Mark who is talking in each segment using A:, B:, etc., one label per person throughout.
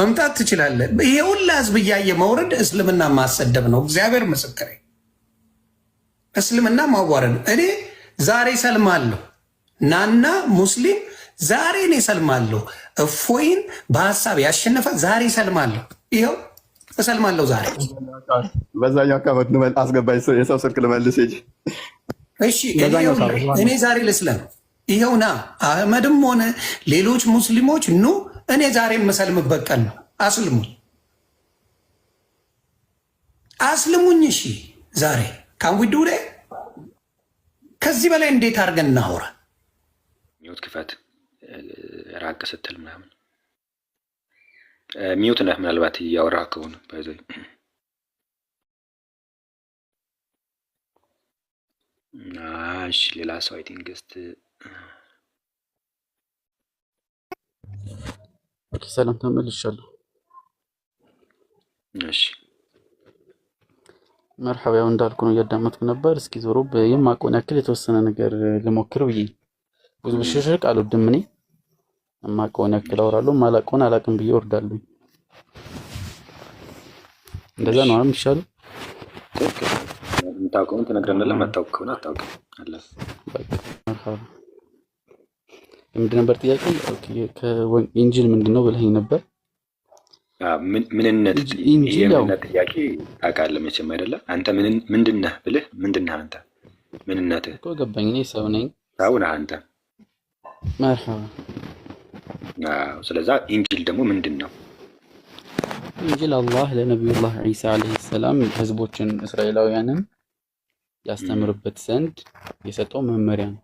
A: መምጣት ትችላለህ። ይሄ ሁላ ህዝብ እያየ መውረድ እስልምና ማሰደብ ነው። እግዚአብሔር ምስክሬ፣ እስልምና ማዋረድ ነው። እኔ ዛሬ ሰልማለሁ፣ ናና ሙስሊም ዛሬ እኔ ሰልማለሁ። እፎይን በሀሳብ ያሸነፈ ዛሬ ሰልማለሁ። ይኸው እሰልማለሁ ዛሬ።
B: በዛኛው አካባቢ አስገባኝ፣ የሰው ስልክ ልመልስ።
A: እሺ እኔ ዛሬ ልስለም። ይኸውና አህመድም ሆነ ሌሎች ሙስሊሞች ኑ እኔ ዛሬ የምሰልምበት ቀን ነው። አስልሙኝ፣ አስልሙኝ። እሺ ዛሬ ካንዊዱ ላይ ከዚህ በላይ እንዴት አድርገን እናወራ?
B: ሚውት ክፈት፣ ራቅ ስትል ምናምን ሚውት ነህ። ምናልባት እያወራ ከሆነ በዘ እሺ፣ ሌላ ሰው አይ ቲንክ ገስት
C: ኦኬ፣ ሰላም ተመልሻለሁ። እሺ መርሐባ። ያው እንዳልኩ ነው እያዳመጥኩ ነበር። እስኪ ዞሮ የማቆን ያክል የተወሰነ ነገር ልሞክር ብዬ ብዙ ብሽሽቅ አልወድም እኔ የማቆን ያክል አወራለሁ፣ ማላቆን አላቅም ብዬ ወርዳለሁ። እንደዛ ነው የሚሻለው።
B: የምታውቀውን ትነግረናለህ፣ ማታውቀውን አታውቅም። አለ
C: መርሐባ ምንድን ነበር ጥያቄ? ኢንጂል ምንድን ነው ብለኸኝ ነበር።
B: ምንነት የምንነት ጥያቄ ታውቃለህ መቼም አይደለ? አንተ ምንድን ነህ ብልህ ምንድን ነህ አንተ ምንነት እኮ
C: ገባኝ። እኔ ሰው ነኝ። ሰው ነህ አንተ። መርሐባ።
B: ስለዛ ኢንጂል ደግሞ ምንድን ነው?
C: ኢንጂል አላህ ለነቢዩላህ ዒሳ ዓለይሂ ሰላም ህዝቦችን እስራኤላውያንን ያስተምርበት ዘንድ የሰጠው መመሪያ ነው።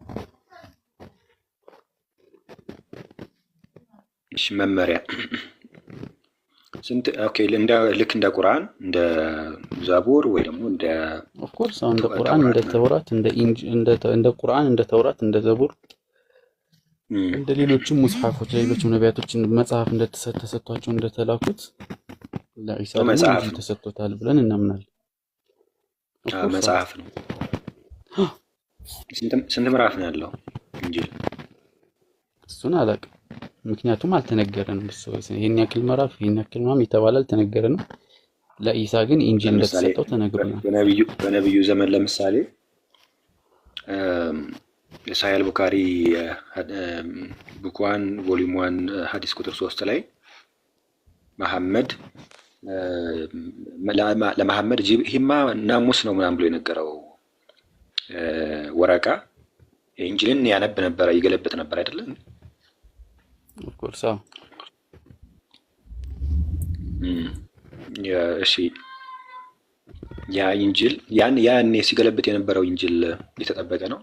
B: እሺ መመሪያ ስንት ኦኬ እንደ ልክ እንደ ቁርአን እንደ ዛቡር ወይ ደግሞ እንደ
C: ኦፍ ኮርስ እንደ ቁርአን እንደ ተውራት እንደ እንደ እንደ ቁርአን እንደ ተውራት እንደ ዘቡር እንደ ሌሎችም ሙስሐፎች ሌሎችም ነቢያቶችን መጽሐፍ እንደተሰጥቷቸው እንደተላኩት ለኢሳ መጽሐፍ ተሰጥቶታል ብለን እናምናለን።
B: መጽሐፍ ነው። ስንት ምዕራፍ ነው ያለው እንጂ
C: እሱን አላውቅም። ምክንያቱም አልተነገረንም። ይህን ያክል ምዕራፍ ይህን ያክል ምናምን የተባለ አልተነገረንም። ለኢሳ ግን ኢንጂል እንደተሰጠው ተነግሮናል።
B: በነቢዩ ዘመን ለምሳሌ የሳያል ቡካሪ ቡኳን ቮሊዩም ዋን ሀዲስ ቁጥር ሶስት ላይ መሐመድ ለመሐመድ ሂማ ናሙስ ነው ምናምን ብሎ የነገረው ወረቃ ኢንጂልን ያነብ ነበረ፣ ይገለብጥ ነበር አይደለም ኦፍኮርስ hmm. እሺ ያ ኢንጅል ያን ያኔ ሲገለብጥ የነበረው ኢንጅል የተጠበቀ ነው።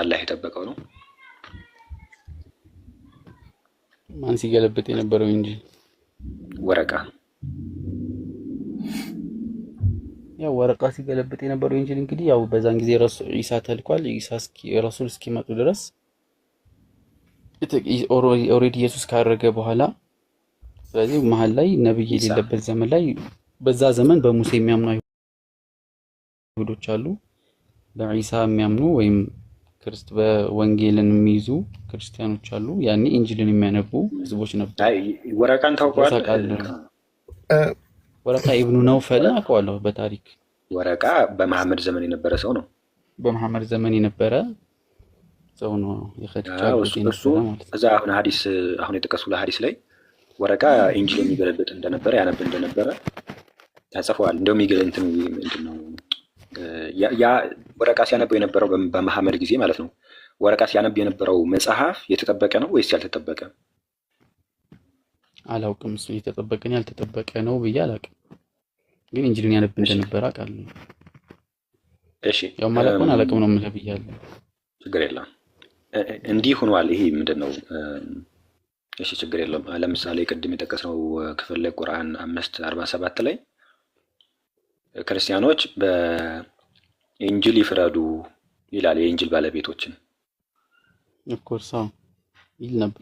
B: አላህ የጠበቀው ነው።
C: ማን ሲገለብጥ የነበረው ኢንጅል? ወረቃ ያው ወረቃ ሲገለብጥ የነበረው ኢንጅል እንግዲህ ያው በዛን ጊዜ ኢሳ ተልኳል። ኢሳ ረሱል እስኪመጡ ድረስ ኦልሬዲ ኢየሱስ ካደረገ በኋላ ስለዚህ መሀል ላይ ነብይ የሌለበት ዘመን ላይ በዛ ዘመን በሙሴ የሚያምኑ አይሁዶች አሉ። በዒሳ የሚያምኑ ወይም ክርስት በወንጌልን የሚይዙ ክርስቲያኖች አሉ። ያኔ ኢንጅልን የሚያነቡ ህዝቦች
B: ነበሩ። ወረቃን
C: ታውቀዋለህ? ወረቃ ኢብኑ ነውፈል አውቀዋለሁ በታሪክ
B: ወረቃ በመሐመድ ዘመን የነበረ ሰው ነው።
C: በመሐመድ ዘመን የነበረ ሰው ነው እዛ አሁን ሀዲስ አሁን የጠቀስኩት ሀዲስ ላይ ወረቃ ኢንጂል የሚገለብጥ እንደነበረ ያነብ እንደነበረ ተጽፈዋል። እንደውም ይገለንትን ምንድነው ያ ወረቃ ሲያነበው የነበረው በመሐመድ ጊዜ ማለት ነው። ወረቃ ሲያነብ የነበረው መጽሐፍ የተጠበቀ ነው ወይስ ያልተጠበቀ? አላውቅም። እሱ የተጠበቀን ያልተጠበቀ ነው ብዬ አላውቅም፣ ግን ኢንጂልን ያነብ እንደነበረ አውቃለሁ። እሺ ያው ማለቁን አላውቅም ነው የምልህ ብያለሁ። ችግር የለም። እንዲህ ሆኗል። ይሄ ምንድን ነው? እሺ ችግር የለውም። ለምሳሌ ቅድም የጠቀስነው ክፍል ላይ ቁርአን አምስት አርባ ሰባት ላይ ክርስቲያኖች በእንጅል ይፍረዱ ይላል። የእንጅል ባለቤቶችን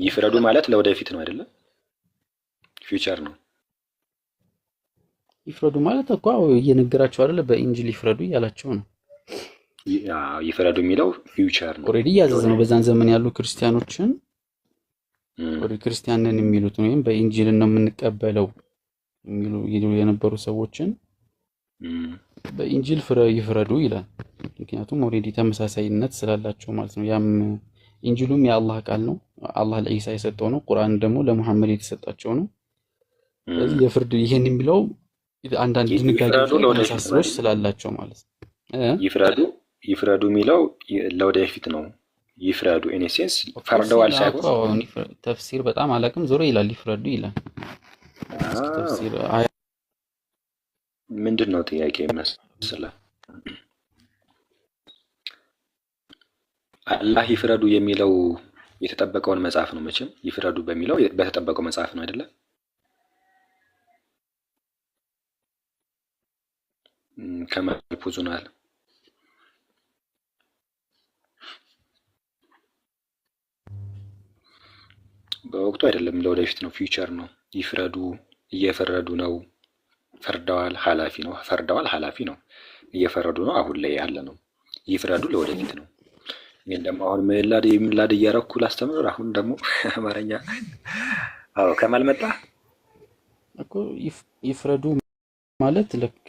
C: ይፍረዱ ማለት ለወደፊት ነው አይደለም፣ ፊውቸር ነው። ይፍረዱ ማለት እኮ እየነገራቸው አይደለ? በእንጅል ይፍረዱ እያላቸው ነው ይፍረዱ የሚለው ፊውቸር ነው። ኦልሬዲ እያዘዘ ነው። በዛን ዘመን ያሉ ክርስቲያኖችን ክርስቲያንን የሚሉትን ወይም በኢንጂልን ነው የምንቀበለው የሚሉ የነበሩ ሰዎችን በኢንጂል ይፍረዱ ይላል። ምክንያቱም ኦልሬዲ ተመሳሳይነት ስላላቸው ማለት ነው። ያም ኢንጂሉም የአላህ ቃል ነው። አላህ ለኢሳ የሰጠው ነው። ቁርአን ደግሞ ለሙሐመድ የተሰጣቸው ነው። ስለዚህ የፍርድ ይሄን የሚለው አንዳንድ ድንጋጌ ሳስቦች ስላላቸው ማለት ነው። ይፍረዱ ይፍረዱ የሚለው ለወደፊት ነው። ይፍረዱ ኢኔሴንስ ፈርደዋል ሳይሆን ተፍሲር በጣም አላቅም ዞሮ ይላል ይፍረዱ ይላል። ምንድን ነው ጥያቄ መስለ አላህ ይፍረዱ የሚለው የተጠበቀውን መጽሐፍ ነው። መቼም ይፍረዱ በሚለው በተጠበቀው መጽሐፍ ነው አይደለም። ከመል በወቅቱ አይደለም፣ ለወደፊት ነው፣ ፊውቸር ነው። ይፍረዱ፣ እየፈረዱ ነው፣ ፈርደዋል፣ ኃላፊ ነው፣ ፈርደዋል፣ ኃላፊ ነው፣ እየፈረዱ ነው፣ አሁን ላይ ያለ ነው። ይፍረዱ ለወደፊት ነው። ግን ደግሞ አሁን ምላድ የምላድ እያረኩ ላስተምር። አሁን ደግሞ አማርኛ አዎ፣ መጣ እኮ ይፍረዱ ማለት ልክ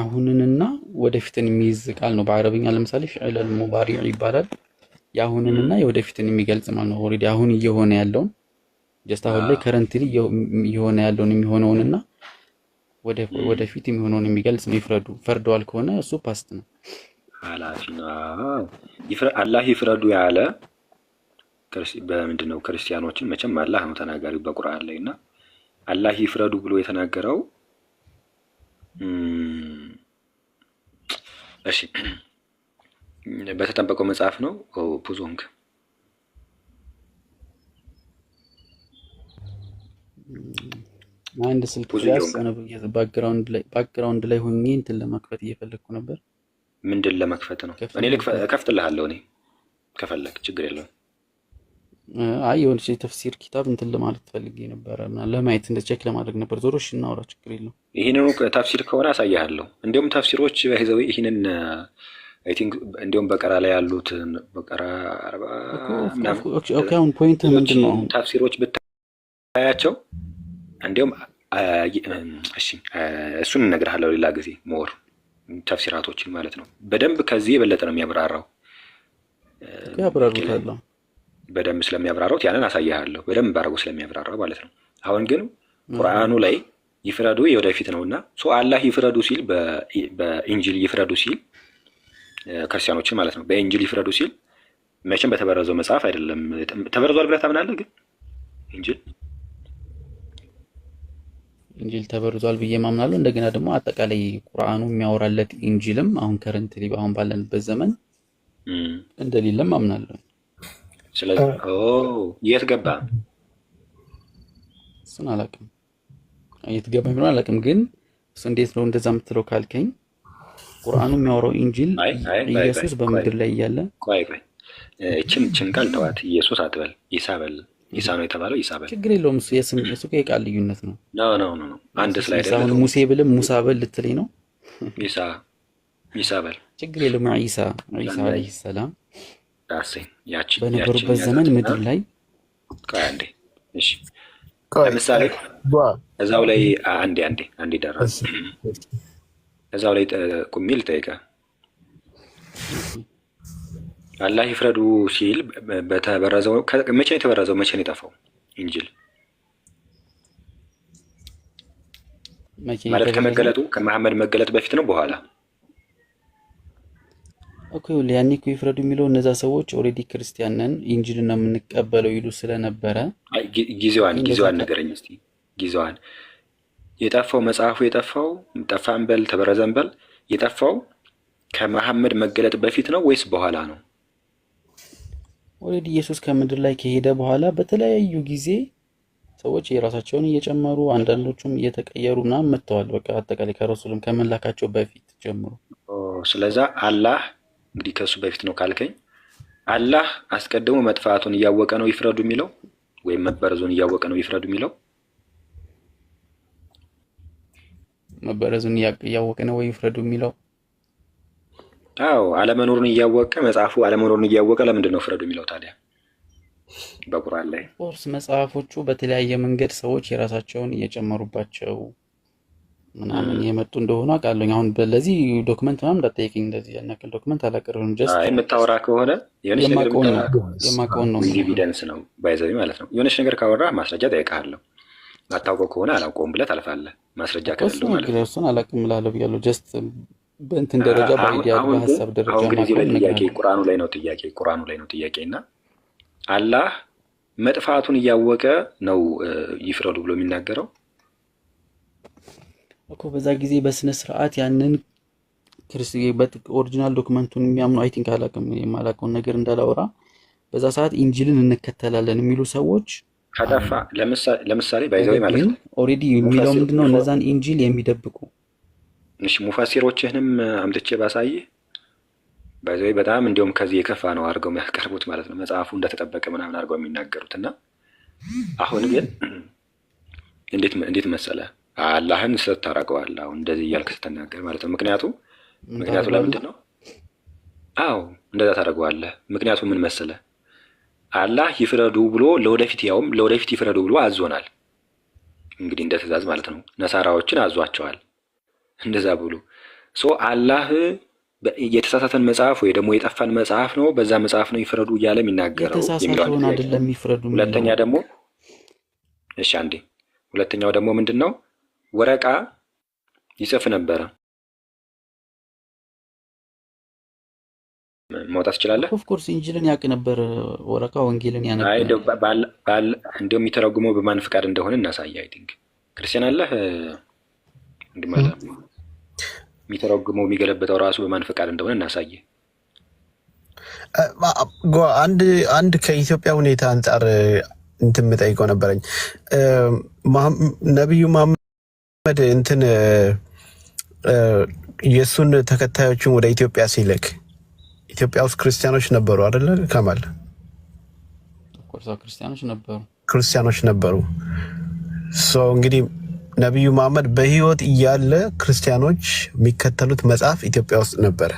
C: አሁንንና ወደፊትን የሚይዝ ቃል ነው በአረብኛ። ለምሳሌ ፊዕለል ሙባሪዕ ይባላል። የአሁንንና የወደፊትን የሚገልጽ ማለት ነው። ኦልሬዲ አሁን እየሆነ ያለውን ጀስት አሁን ላይ ከረንትሊ የሆነ ያለውን የሚሆነውንና ወደፊት የሚሆነውን የሚገልጽ ነው። ይፍረዱ ፈርደዋል ከሆነ እሱ ፓስት ነው። አላህ ይፍረዱ ያለ በምንድን ነው? ክርስቲያኖችን መቼም አላህ ነው ተናጋሪው በቁርአን ላይ እና አላህ ይፍረዱ ብሎ የተናገረው እሺ፣ በተጠበቀው መጽሐፍ ነው ፑዞንግ አንድ ስልክ ፕላስ ባክግራውንድ ላይ ሆኜ እንትን ለመክፈት እየፈለግኩ ነበር። ምንድን ለመክፈት ነው? እኔ እከፍትልሃለሁ። እኔ ከፈለግ ችግር የለውም። አይ የሆነች የተፍሲር ኪታብ እንትን ለማለት ትፈልግ ነበረ፣ ለማየት እንደ ቼክ ለማድረግ ነበር። ዞሮ እሺ፣ እናውራ፣ ችግር የለው። ይህንኑ ተፍሲር ከሆነ አሳያለሁ። እንዲሁም ተፍሲሮች ይዘው ይህንን እንዲሁም በቀራ ላይ ያሉት በቀራ አሁን ፖይንት ምንድን ነው ተፍሲሮች ብታያቸው እንዲሁም እሺ እሱን እነግርሃለሁ ሌላ ጊዜ ሞር ተፍሲራቶችን ማለት ነው። በደንብ ከዚህ የበለጠ ነው የሚያብራራው። በደንብ ስለሚያብራራውት ያንን አሳያለሁ። በደንብ አድርጎ ስለሚያብራራው ማለት ነው። አሁን ግን ቁርአኑ ላይ ይፍረዱ የወደፊት ነው እና አላህ ይፍረዱ ሲል በኢንጅል ይፍረዱ ሲል ክርስቲያኖችን ማለት ነው። በኢንጅል ይፍረዱ ሲል መቼም በተበረዘው መጽሐፍ አይደለም። ተበረዟል ብለህ ታምናለህ ግን ኢንጂል ኢንጂል ተበርዟል ብዬ ማምናለሁ። እንደገና ደግሞ አጠቃላይ ቁርአኑ የሚያወራለት ኢንጂልም አሁን ከረንት ሊ አሁን ባለንበት ዘመን እንደሌለም አምናለሁ። ስለዚህ የት ገባ እሱን አላውቅም፣ የት ገባ የሚለውን አላውቅም። ግን እሱ እንዴት ነው እንደዛ የምትለው ካልከኝ ቁርአኑ የሚያወራው ኢንጂል ኢየሱስ በምድር ላይ እያለ ቆይ ቆይ፣ ቃል ተዋት። ኢየሱስ አትበል፣ ይሳበል ኢሳ ነው የተባለው ኢሳ በል ችግር የለውም። እሱ የስም እሱ የቃል ልዩነት ነው። አንድ ስላይ አሁን ሙሴ ብልም ሙሳ በል ልትለኝ ነው። ኢሳ ኢሳ በል ችግር የለውም። ኢሳ ኢሳ ዓለይሂ ሰላም በነበሩበት ዘመን ምድር ላይ ለምሳሌ እዛው ላይ አንዴ አንዴ አንዴ ደራ እዛው ላይ ቁሚል ልጠይቀህ አላህ ይፍረዱ ሲል በተበረዘው መቼ ነው የተበረዘው? መቼ ነው የጠፋው እንጅል ማለት ከመገለጡ ከመሐመድ መገለጥ በፊት ነው በኋላ? ኦኬ ያኔ እኮ ይፍረዱ የሚለው እነዛ ሰዎች ኦልሬዲ ክርስቲያን ነን ኢንጂልን ነው የምንቀበለው ይሉ ስለነበረ ጊዜዋን ጊዜዋን ነገረኝ እስኪ ጊዜዋን የጠፋው መጽሐፉ የጠፋው ጠፋ እንበል ተበረዘ እንበል የጠፋው ከመሐመድ መገለጥ በፊት ነው ወይስ በኋላ ነው? ኦልሬዲ ኢየሱስ ከምድር ላይ ከሄደ በኋላ በተለያዩ ጊዜ ሰዎች የራሳቸውን እየጨመሩ አንዳንዶቹም እየተቀየሩ ምናምን መጥተዋል። በቃ አጠቃላይ ከረሱልም ከመላካቸው በፊት ጀምሮ ስለዛ አላህ እንግዲህ ከእሱ በፊት ነው ካልከኝ አላህ አስቀድሞ መጥፋቱን እያወቀ ነው ይፍረዱ የሚለው ወይም መበረዙን እያወቀ ነው ይፍረዱ የሚለው መበረዙን እያወቀ ነው ወይ ይፍረዱ የሚለው አዎ አለመኖሩን እያወቀ መጽሐፉ አለመኖሩን እያወቀ ለምንድን ነው ፍረዱ የሚለው ታዲያ? በቁርአን ላይ ኦርስ መጽሐፎቹ በተለያየ መንገድ ሰዎች የራሳቸውን እየጨመሩባቸው ምናምን የመጡ እንደሆኑ አውቃለሁ። አሁን በለዚህ ዶክመንት ምናምን እንዳጠየቅኝ እንደዚህ ያናክል ዶክመንት አላቀርብም። ጀስት የምታወራ ከሆነ የማውቀውን ነው ኤቪደንስ ነው ባይዘቢ ማለት ነው። የሆነች ነገር ካወራ ማስረጃ ጠይቃለሁ። አታውቀው ከሆነ አላውቀውም ብለህ ታልፋለህ። ማስረጃ ከሌለው ማለት ነው። እሱን አላውቅም እላለሁ ብያለሁ ጀስት በእንትን ደረጃ በአይዲያ በሀሳብ ደረጃ ላይ ጥያቄ ቁርአኑ ላይ ነው ጥያቄ ቁርአኑ ላይ ነው ጥያቄ እና አላህ መጥፋቱን እያወቀ ነው ይፍረዱ ብሎ የሚናገረው እኮ በዛ ጊዜ በስነ ስርዓት ያንን ኦሪጂናል ዶክመንቱን የሚያምኑ አይቲንክ ቲንክ አላውቅም የማላውቀውን ነገር እንዳላወራ በዛ ሰዓት ኢንጂልን እንከተላለን የሚሉ ሰዎች ከጠፋ ለምሳሌ ባይዘ ማለት ነው ኦልሬዲ የሚለው ምንድነው እነዛን ኢንጂል የሚደብቁ ትንሽ ሙፋሲሮችህንም አምጥቼ ባሳይህ ባይዘይ በጣም እንዲሁም ከዚህ የከፋ ነው አድርገው የሚያቀርቡት ማለት ነው። መጽሐፉ እንደተጠበቀ ምናምን አድርገው የሚናገሩት እና አሁን ግን እንዴት መሰለ አላህን ስታረገዋል አሁን እንደዚህ እያልክ ስትናገር ማለት ነው። ምክንያቱ ምክንያቱ ለምንድን ነው? አዎ እንደዛ ታደርገዋለህ። ምክንያቱ ምን መሰለ አላህ ይፍረዱ ብሎ ለወደፊት ያውም ለወደፊት ይፍረዱ ብሎ አዞናል። እንግዲህ እንደ ትእዛዝ ማለት ነው። ነሳራዎችን አዟቸዋል። እንደዛ ብሉ። ሶ አላህ የተሳሳተን መጽሐፍ ወይ ደግሞ የጠፋን መጽሐፍ ነው፣ በዛ መጽሐፍ ነው ይፍረዱ እያለ የሚናገረው ሁለተኛ ደግሞ እሺ፣ አንዴ ሁለተኛው ደግሞ ምንድን ነው? ወረቃ ይጽፍ ነበረ። ማውጣት ትችላለህ። ኦፍኮርስ ኢንጂልን ያውቅ ነበር፣ ወረቃ ወንጌልን ያነበ። እንዲሁም የሚተረጉመው በማን ፍቃድ እንደሆነ እናሳየ። አይ ቲንክ ክርስቲያን አለህ ወንድም የሚተረጉመው የሚገለበጠው ራሱ በማን ፈቃድ እንደሆነ እናሳየ። አንድ አንድ ከኢትዮጵያ ሁኔታ አንጻር እንትን የምጠይቀው ነበረኝ። ነቢዩ መሐመድ እንትን የእሱን ተከታዮችን ወደ ኢትዮጵያ ሲልክ ኢትዮጵያ ውስጥ ክርስቲያኖች ነበሩ አደለ? ከማል ክርስቲያኖች ነበሩ ክርስቲያኖች ነበሩ። እንግዲህ ነቢዩ መሐመድ በህይወት እያለ ክርስቲያኖች የሚከተሉት መጽሐፍ ኢትዮጵያ ውስጥ ነበረ።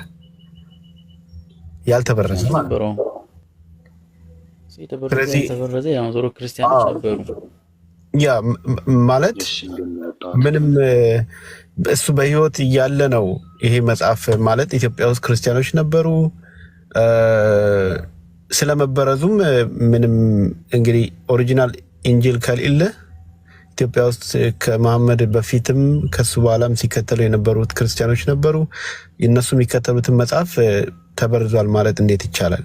C: ያልተበረዘ ያ ማለት ምንም እሱ በህይወት እያለ ነው ይሄ መጽሐፍ ማለት ኢትዮጵያ ውስጥ ክርስቲያኖች ነበሩ። ስለመበረዙም ምንም እንግዲህ ኦሪጂናል ኢንጂል ከሌለ ኢትዮጵያ ውስጥ ከመሐመድ በፊትም ከሱ በኋላም ሲከተሉ የነበሩት ክርስቲያኖች ነበሩ። እነሱ የሚከተሉትን መጽሐፍ ተበርዟል ማለት እንዴት ይቻላል?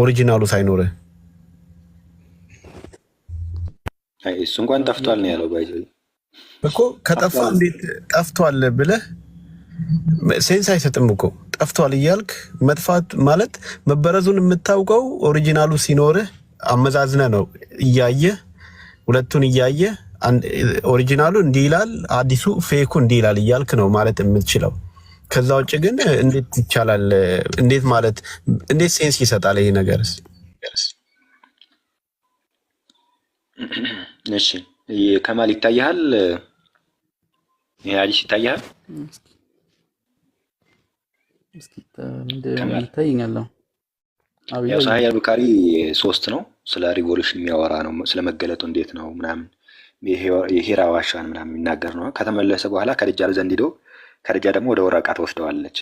C: ኦሪጂናሉ ሳይኖረ እሱ እንኳን ጠፍቷል ነው ያለው እኮ። ከጠፋ እንዴት ጠፍቷል ብለህ ሴንስ አይሰጥም እኮ ጠፍቷል እያልክ መጥፋት ማለት መበረዙን የምታውቀው ኦሪጂናሉ ሲኖርህ አመዛዝነ ነው እያየ ሁለቱን እያየ ኦሪጂናሉ እንዲህ ይላል፣ አዲሱ ፌኩ እንዲህ ይላል እያልክ ነው ማለት የምትችለው። ከዛ ውጭ ግን እንዴት ይቻላል? እንዴት ማለት እንዴት ሴንስ ይሰጣል ይሄ ነገርስ? እሺ ከማል ይታያል፣ ይሄ አዲስ ይታያል። ያው ሳሂህ ሶስት ነው ስለ ሪቮሉሽን የሚያወራ ነው፣ ስለ መገለጡ እንዴት ነው ምናምን የሄራ ዋሻን ምናምን የሚናገር ነው። ከተመለሰ በኋላ ከድጃል ዘንድ ሂዶ ከድጃ ደግሞ ወደ ወረቃ ተወስደዋለች።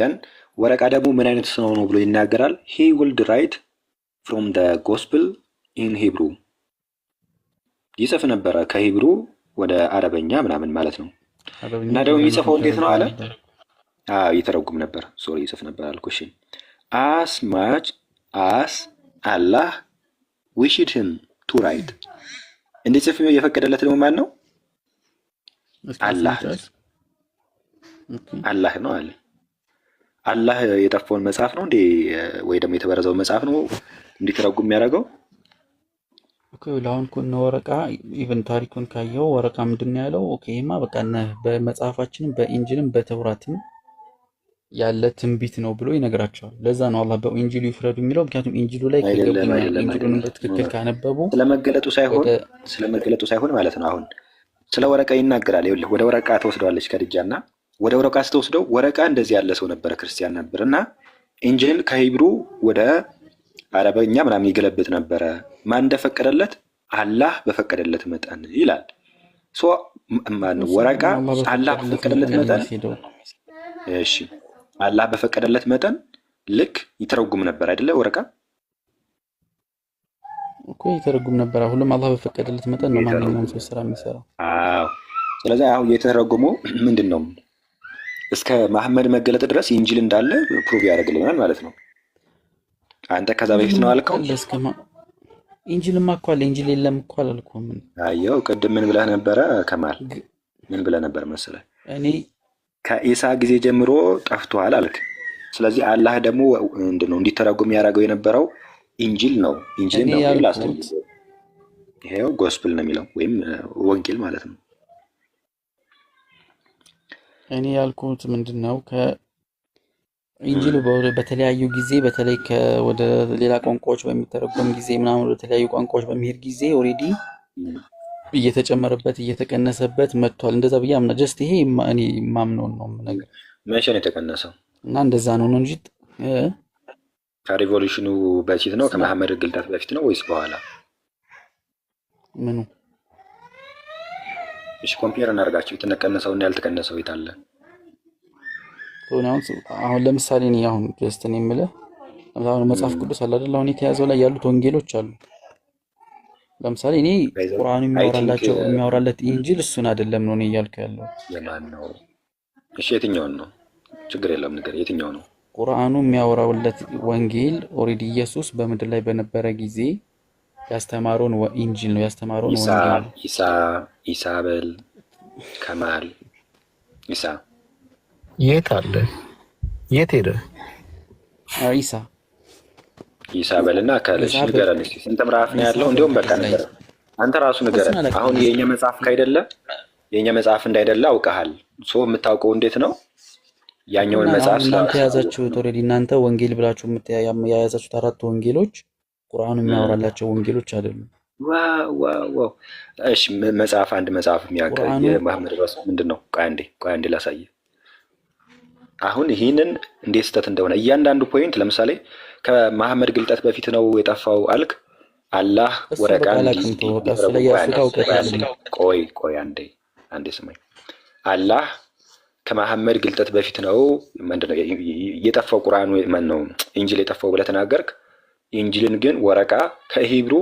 C: ደን ወረቃ ደግሞ ምን አይነት ስነው ነው ብሎ ይናገራል። ሂ ውልድ ራይት ፍሮም ደ ጎስፕል ኢን ሂብሩ ይጽፍ ነበረ ከሂብሩ ወደ አረበኛ ምናምን ማለት ነው። እና ደግሞ የሚጽፈው እንዴት ነው አለ ይተረጉም ነበር። ሶሪ ይጽፍ ነበር አልኩሽ። አስ ማች አስ አላህ ዊሽድ ሂም ቱ ራይት እንዲጽፍ የፈቀደለት ደግሞ ማን ነው? አላህ አላህ ነው አለ። አላህ የጠፋውን መጽሐፍ ነው እንዴ ወይ ደግሞ የተበረዘውን መጽሐፍ ነው እንዲተረጉም የሚያደርገው? ለአሁን እነ ወረቃ ኢቨን ታሪኩን ካየው ወረቃ ምንድን ያለው? ኦኬ ይሄማ በቃ በመጽሐፋችንም በኢንጅልም በተውራትም ያለ ትንቢት ነው ብሎ ይነግራቸዋል። ለዛ ነው አላህ በኢንጂሉ ይፍረዱ የሚለው። ምክንያቱም ኢንጂሉ ላይ ኢንጂሉን በትክክል ካነበቡ ስለመገለጡ ሳይሆን ማለት ነው። አሁን ስለ ወረቃ ይናገራል። ይኸውልህ ወደ ወረቃ ተወስደዋለች ከድጃ እና ወደ ወረቃ ስተወስደው ወረቃ እንደዚህ ያለ ሰው ነበረ፣ ክርስቲያን ነበር እና ኢንጂልን ከሂብሩ ወደ አረበኛ ምናምን ይገለብጥ ነበረ። ማን እንደፈቀደለት አላህ በፈቀደለት መጠን ይላል። ወረቃ አላህ በፈቀደለት መጠን እሺ አላህ በፈቀደለት መጠን ልክ ይተረጉም ነበር አይደለ? ወረቃ እኮ ይተረጉም ነበር። ሁሉም አላህ በፈቀደለት መጠን ነው ማንኛውም ሰው ስራ የሚሰራው። አዎ። ስለዚህ አሁን የተረጎመው ምንድን ነው? እስከ መሐመድ መገለጥ ድረስ ኢንጂል እንዳለ ፕሩቭ ያደርግልናል ማለት ነው። አንተ ከዛ በፊት ነው አልከው። ኢንጂልማ እኮ አለ። ኢንጂል የለም እኮ አላልኩም። አየው፣ ቅድም ምን ብለህ ነበረ? ከማል ምን ብለህ ነበር መሰለህ እኔ ከኢሳ ጊዜ ጀምሮ ጠፍቷል አልክ። ስለዚህ አላህ ደግሞ ምንድን ነው እንዲተረጉም ያደረገው የነበረው ኢንጂል ነው። ኢንጂል ነው ይሄው ጎስፕል ነው የሚለው ወይም ወንጌል ማለት ነው። እኔ ያልኩት ምንድን ነው ከኢንጂሉ በተለያዩ ጊዜ በተለይ ወደ ሌላ ቋንቋዎች በሚተረጎም ጊዜ ምናምን ወደ ተለያዩ ቋንቋዎች በሚሄድ ጊዜ ኦልሬዲ እየተጨመረበት እየተቀነሰበት መጥቷል። እንደዛ ብዬ አምና ጀስት ይሄ እኔ ማምነውን ነው የምነግርህ። መቼ ነው የተቀነሰው? እና እንደዛ ነው ነው እንጂ ከሪቮሉሽኑ በፊት ነው ከመሐመድ ግልጣት በፊት ነው ወይስ በኋላ? ምኑ? እሺ ኮምፔር እናደርጋቸው የተነቀነሰው እና ያልተቀነሰው የታለ? አሁን ለምሳሌ እኔ አሁን ጀስት እኔ የምልህ መጽሐፍ ቅዱስ አለ አይደል? አሁን የተያዘው ላይ ያሉት ወንጌሎች አሉ ለምሳሌ እኔ ቁርአኑ የሚያወራላቸው uh, የሚያወራለት ኢንጂል እሱን አይደለም ነው እያልኩ ያለው። የማን ነው? እሺ የትኛውን ነው? ችግር የለም ነገር የትኛው ነው? ቁርአኑ የሚያወራውለት ወንጌል ኦሬዲ ኢየሱስ በምድር ላይ በነበረ ጊዜ ያስተማሩን ኢንጂል ነው ያስተማሩን ወንጌል ኢሳ ኢሳ በል ከማል ኢሳ የት አለ? የት ሄደ? ኢሳ ኢሳበልና ካለች ንገረልኝ። ስንት ምዕራፍ ነው ያለው? እንዲሁም በቃ ንገረ አንተ ራሱ ንገረን። አሁን የእኛ መጽሐፍ ካይደለ የእኛ መጽሐፍ እንዳይደለ አውቀሃል። ሶ የምታውቀው እንዴት ነው? ያኛውን መጽሐፍ እናንተ የያዛችሁት ኦልሬዲ እናንተ ወንጌል ብላችሁ የያዛችሁት አራት ወንጌሎች ቁርአኑ የሚያወራላቸው ወንጌሎች አይደሉም። እሺ መጽሐፍ አንድ መጽሐፍ የሚያቀ የመሐመድ ራሱ ምንድን ነው? ቆይ አንዴ ቆይ አንዴ ላሳየ። አሁን ይህንን እንዴት ስህተት እንደሆነ እያንዳንዱ ፖይንት ለምሳሌ ከመሐመድ ግልጠት በፊት ነው የጠፋው አልክ። አላህ ወረቃን ቆይ ቆይ አንዴ አንዴ ስማኝ። አላህ ከመሐመድ ግልጠት በፊት ነው ምንድነው የጠፋው ቁርአን ማን ነው እንጅል የጠፋው ብለህ ተናገርክ። እንጅልን ግን ወረቃ ከሂብሩ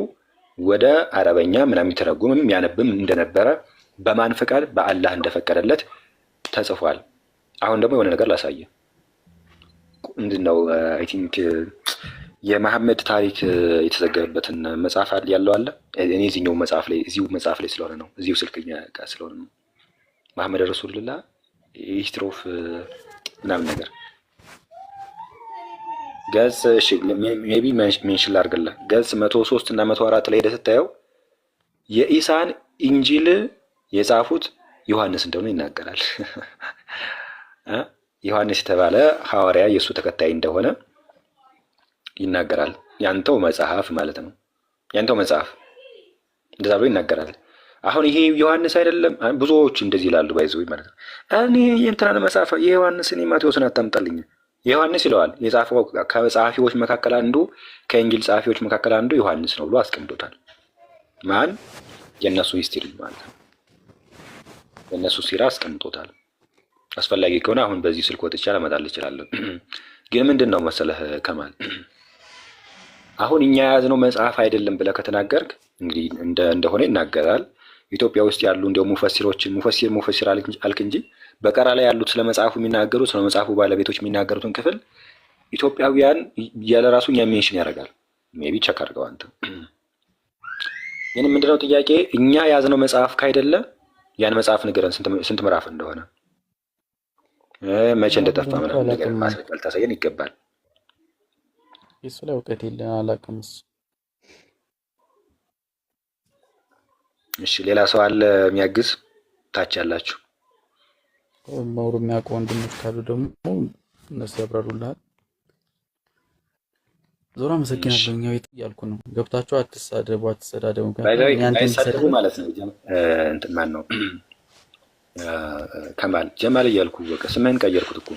C: ወደ አረበኛ ምናምን የሚተረጉምም ያነብም እንደነበረ በማን ፈቃድ በአላህ እንደፈቀደለት ተጽፏል። አሁን ደግሞ የሆነ ነገር ላሳየ ምንድን ነው አይ ቲንክ የመሐመድ ታሪክ የተዘገበበትን መጽሐፍ ያለው አለ። እኔ እዚኛው መጽሐፍ ላይ እዚሁ መጽሐፍ ላይ ስለሆነ ነው እዚሁ ስልክኛ ስለሆነ ነው መሐመድ ረሱልላ ሂስትሪ ምናምን ነገር ገጽ እሺ፣ ቢ ሜንሽን ላድርግልህ። ገጽ መቶ ሶስት እና መቶ አራት ላይ ሄደህ ስታየው የኢሳን ኢንጂል የጻፉት ዮሐንስ እንደሆነ ይናገራል። ዮሐንስ የተባለ ሐዋርያ የእሱ ተከታይ እንደሆነ ይናገራል። ያንተው መጽሐፍ ማለት ነው። ያንተው መጽሐፍ እንደዛ ብሎ ይናገራል። አሁን ይሄ ዮሐንስ አይደለም። ብዙዎች እንደዚህ ይላሉ። ባይዘ ማለት ነው እኔ የእንትናን መጽሐፍ እኔ ማቴዎስን አታምጣልኝ። ዮሐንስ ይለዋል። የጻፈው ከጸሐፊዎች መካከል አንዱ ከእንጅል ጸሐፊዎች መካከል አንዱ ዮሐንስ ነው ብሎ አስቀምጦታል። ማን የእነሱ ሂስትሪ ማለት ነው። የእነሱ ሲራ አስቀምጦታል። አስፈላጊ ከሆነ አሁን በዚህ ስልክ ወጥቼ ላመጣል እችላለሁ። ግን ምንድን ነው መሰለህ ከማል አሁን እኛ የያዝነው መጽሐፍ አይደለም ብለህ ከተናገርክ እንግዲህ እንደሆነ ይናገራል። ኢትዮጵያ ውስጥ ያሉ እንዲያው ሙፈሲሮችን ሙፈሲር ሙፈሲር አልክ እንጂ በቀራ ላይ ያሉት ስለ መጽሐፉ የሚናገሩ ስለ መጽሐፉ ባለቤቶች የሚናገሩትን ክፍል ኢትዮጵያውያን ያለ ራሱ እኛ ሜንሽን ያደርጋል። ሜይ ቢ ቸክ አድርገው አንተ። ይህን ምንድነው ጥያቄ? እኛ የያዝነው መጽሐፍ ካይደለ ያን መጽሐፍ ንገረን ስንት ምዕራፍ እንደሆነ መቼ እንደጠፋ ምናምን ነገር ማስረጃ ልታሳየን ይገባል። የሱ ላይ እውቀት የለን አላውቅም። እሺ፣ ሌላ ሰው አለ የሚያግዝ ታች ያላችሁ መሩ የሚያውቁ ወንድሞች ካሉ ደግሞ እነሱ ያብራሩልሃል። ዞሮ አመሰግናለሁ። እኛ ቤት እያልኩ ነው። ገብታችሁ አትሳደቡ፣ አትሰዳደቡ ማለት ነው። እንትን ማን ነው ከማል ጀማል እያልኩ በቃ ስምህን ቀየርኩት እኮ።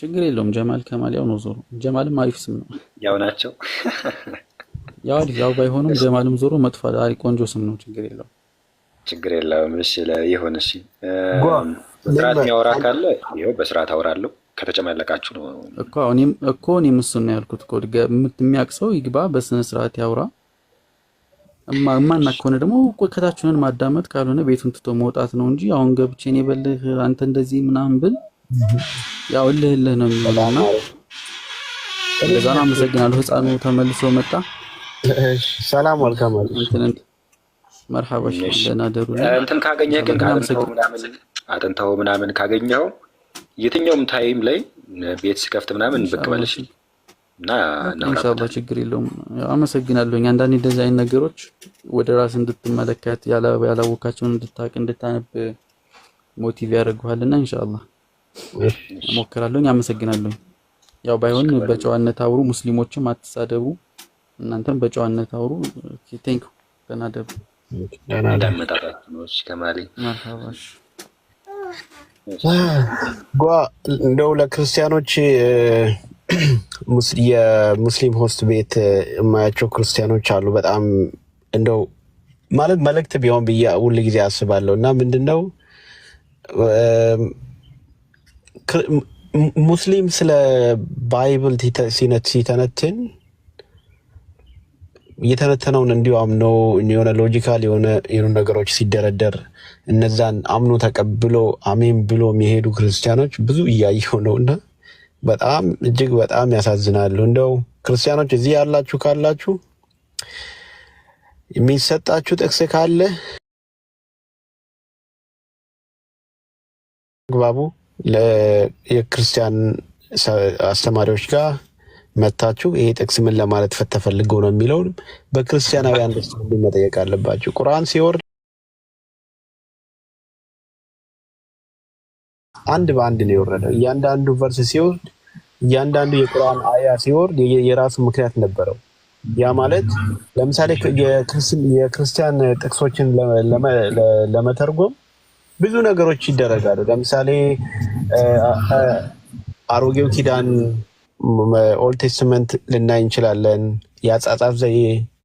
C: ችግር የለውም ጀማል ከማል ያው ነው። ዞሮ ጀማልም አሪፍ ስም ነው። ያው ናቸው ያው አሪፍ ያው ባይሆንም ጀማልም ዞሮ መጥፎ አሪፍ ቆንጆ ስም ነው። ችግር የለውም ችግር የለውም። እሺ ይሁን። እሺ በስርዓት የሚያወራ ካለ ይኸው በስርዓት አወራለሁ። ከተጨማለቃችሁ ነው እኮ እኔም እኮ እኔም እሱን ነው ያልኩት እኮ የሚያውቅ ሰው ይግባ፣ በስነ ስርዓት ያውራ። እማና ከሆነ ደግሞ ከታችንን ማዳመጥ ካልሆነ ቤቱን ትቶ መውጣት ነው እንጂ አሁን ገብቼ እኔ በልህ አንተ እንደዚህ ምናምን ብል ያው እልህ እልህ ነው የሚሆነውና እንደዛ ነው። አመሰግናለሁ። ህፃኑ ተመልሶ መጣ። ሰላም ወልካም እንትን መርሐባ ደህና ደሩ እንትን ካገኘህ ግን አጥንተኸው ምናምን ካገኘኸው የትኛውም ታይም ላይ ቤት ሲከፍት ምናምን ብቅ በለሽ ሳባ ችግር የለውም። አመሰግናለሁኝ። አንዳንድ እንደዚህ አይነት ነገሮች ወደ ራስ እንድትመለከት ያላወቃቸውን እንድታቅ እንድታነብ ሞቲቭ ያደርጉሃልና እንሻላ እሞክራለሁኝ። አመሰግናለሁኝ። ያው ባይሆን በጨዋነት አውሩ፣ ሙስሊሞችም አትሳደቡ፣ እናንተም በጨዋነት አውሩ። ቴንክ ተናደቡ እንደው ለክርስቲያኖች የሙስሊም ሆስት ቤት የማያቸው ክርስቲያኖች አሉ። በጣም እንደው ማለት መልእክት ቢሆን ብዬ ሁል ጊዜ አስባለሁ እና ምንድን ነው ሙስሊም ስለ ባይብል ሲተነትን የተነተነውን እንዲሁ አምኖ የሆነ ሎጂካል የሆኑ ነገሮች ሲደረደር እነዛን አምኖ ተቀብሎ አሜን ብሎ የሚሄዱ ክርስቲያኖች ብዙ እያየው ነው እና በጣም እጅግ በጣም ያሳዝናሉ። እንደው ክርስቲያኖች እዚህ ያላችሁ ካላችሁ የሚሰጣችሁ ጥቅስ ካለ አግባቡ የክርስቲያን አስተማሪዎች ጋር መታችሁ ይሄ ጥቅስ ምን ለማለት ተፈልጎ ነው የሚለውን በክርስቲያናዊ አንደስ መጠየቅ አለባችሁ። ቁርአን ሲወርድ አንድ በአንድ ነው የወረደው። እያንዳንዱ ቨርስ ሲወርድ፣ እያንዳንዱ የቁርአን አያ ሲወርድ የራሱ ምክንያት ነበረው። ያ ማለት ለምሳሌ የክርስቲያን ጥቅሶችን ለመተርጎም ብዙ ነገሮች ይደረጋሉ። ለምሳሌ አሮጌው ኪዳን ኦልድ ቴስትመንት ልናይ እንችላለን። የአጻጻፍ ዘዬ